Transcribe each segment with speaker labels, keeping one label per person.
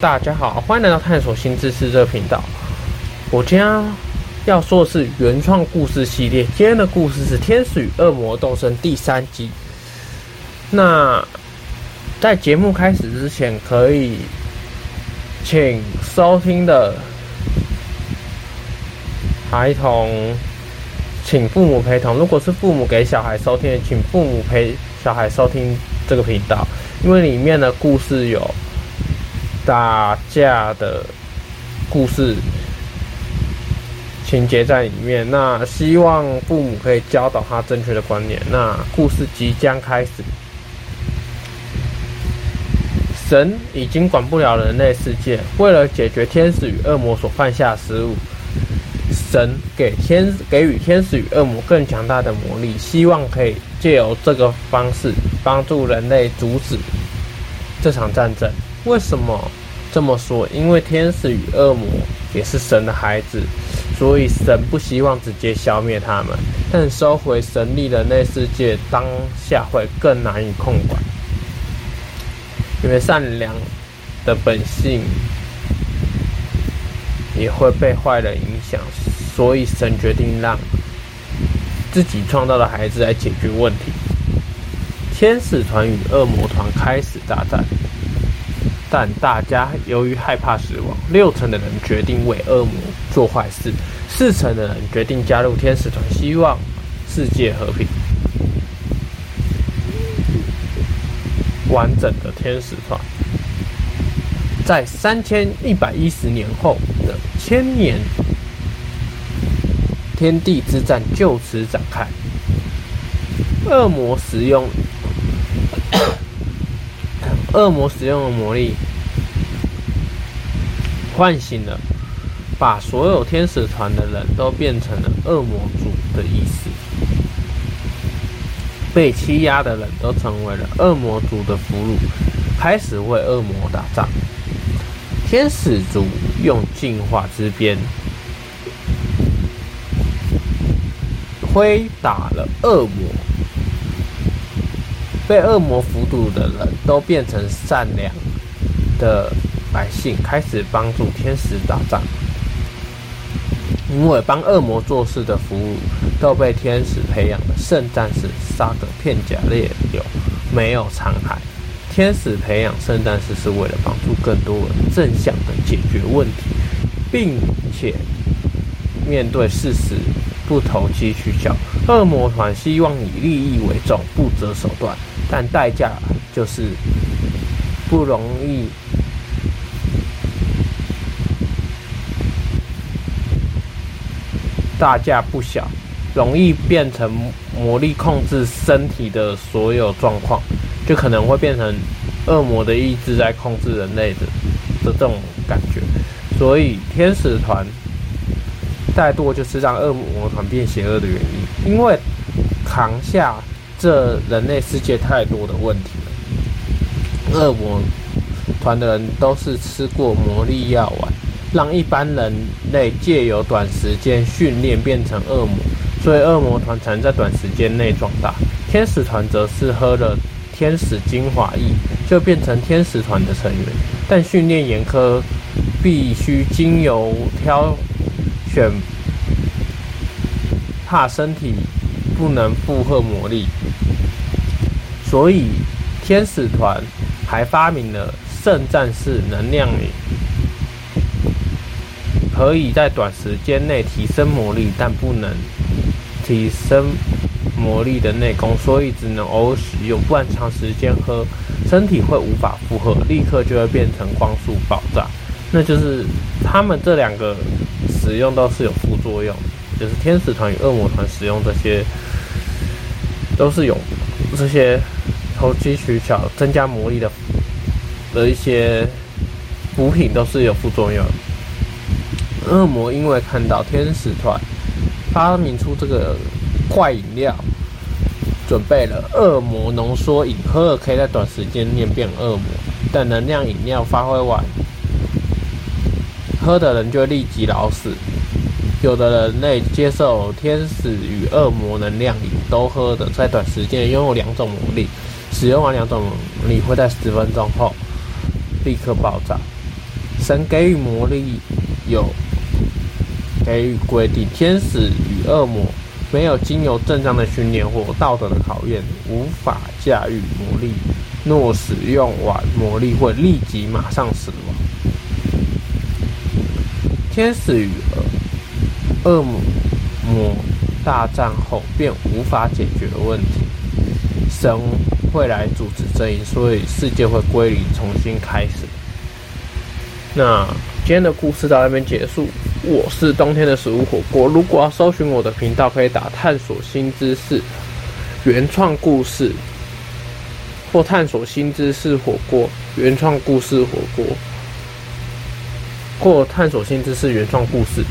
Speaker 1: 大家好，歡迎來到探索新知識這個頻道。我將要說的是原創故事系列，今天的故事是《天使與惡魔鬥爭》第三集。那在節目開始之前，可以請收聽的孩童請父母陪同，如果是父母給小孩收聽請父母陪小孩收聽這個頻道，因為裡面的故事有。打架的故事情節在裡面。那希望父母可以教導他正確的觀念。那故事即將開始。神已經管不了人類世界，為了解決天使與惡魔所犯下的失誤，神給天給予天使與惡魔更強大的魔力，希望可以借由這個方式幫助人類阻止這場戰爭。為什麼這麼說？因為天使與惡魔也是神的孩子，所以神不希望直接消滅他們。但收回神力，人類世界，當下會更難以控管。因為善良的本性也會被壞人影響，所以神決定讓自己創造的孩子來解決問題。天使團與惡魔團開始大戰。但大家由於害怕死亡，六成的人決定為惡魔做壞事，四成的人決定加入天使團，希望世界和平。完整的天使團，在三千一百一十年後的千年，天地之戰就此展開。惡魔使用。惡魔使用了魔力喚醒了，把所有天使團的人都變成了惡魔族的意思。被欺壓的人都成為了惡魔族的俘虜，開始為惡魔打仗。天使族用淨化之鞭揮打了惡魔。被惡魔俘虜的人都變成善良的百姓，開始幫助天使打仗。因為幫惡魔做事的服務都被天使培養的聖戰士殺的片甲不留，沒有殘骸。天使培養聖戰士是為了幫助更多人正向的解決問題，並且面對事實，不投機取巧。惡魔團希望以利益為重，不擇手段。但代價就是不容易，代價不小，容易變成魔力控制身體的所有狀況，就可能會變成惡魔的意志在控制人類的的這種感覺。所以天使團太多就是讓惡魔團變邪惡的原因，因為扛下。這人類世界太多的問題了。惡魔團的人都是吃過魔力藥丸，讓一般人類借由短時間訓練變成惡魔，所以惡魔團才能在短時間內壯大。天使團則是喝了天使精華液，就變成天使團的成員，但訓練嚴苛，必須經由挑選，怕身體不能負荷魔力。所以，天使團還發明了聖戰士能量飲，可以在短時間內提升魔力，但不能提升魔力的內功，所以只能偶爾使用，不然長時間喝，身體會無法負荷，立刻就會變成光速爆炸。那就是他們這兩個使用都是有副作用，就是天使團與惡魔團使用這些都是有這些。投機取巧、增加魔力的的一些補品都是有副作用。惡魔因為看到天使團發明出這個怪飲料，準備了惡魔濃縮飲，喝了可以在短時間內變惡魔。但能量飲料發揮完，喝的人就會立即老死。有的人類接受天使與惡魔能量飲都喝的，在短時間擁有兩種魔力。使用完兩種魔力會在十分鐘後立刻爆炸。神給予魔力有給予規定，天使與惡魔沒有經由正常的訓練或道德的考驗，無法駕馭魔力。若使用完魔力會立即馬上死亡。天使與惡魔魔大戰後便無法解決問題。神會來主持正義，所以世界會歸零，重新開始。那今天的故事到這邊結束。我是冬天的食物火鍋。如果要搜尋我的頻道，可以打“探索新知識”、“原創故事”或“探索新知識火鍋”、“原創故事火鍋”或“探索新知識原創故事”。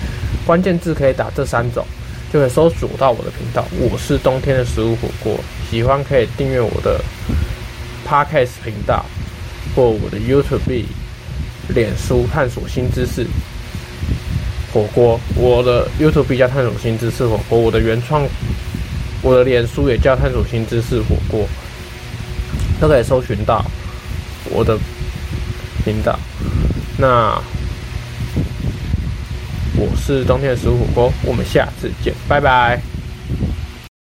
Speaker 1: 關鍵字可以打這三種。就可以搜索到我的頻道，我是冬天的食物火鍋，喜歡可以訂閱我的 Podcast 頻道或我的 YouTube、臉書探索新知識火鍋，我的 YouTube 叫探索新知識火鍋，我的原創，我的臉書也叫探索新知識火鍋，都可以搜尋到我的頻道，那。我是冬天的食物火鍋，我們下次見，拜拜。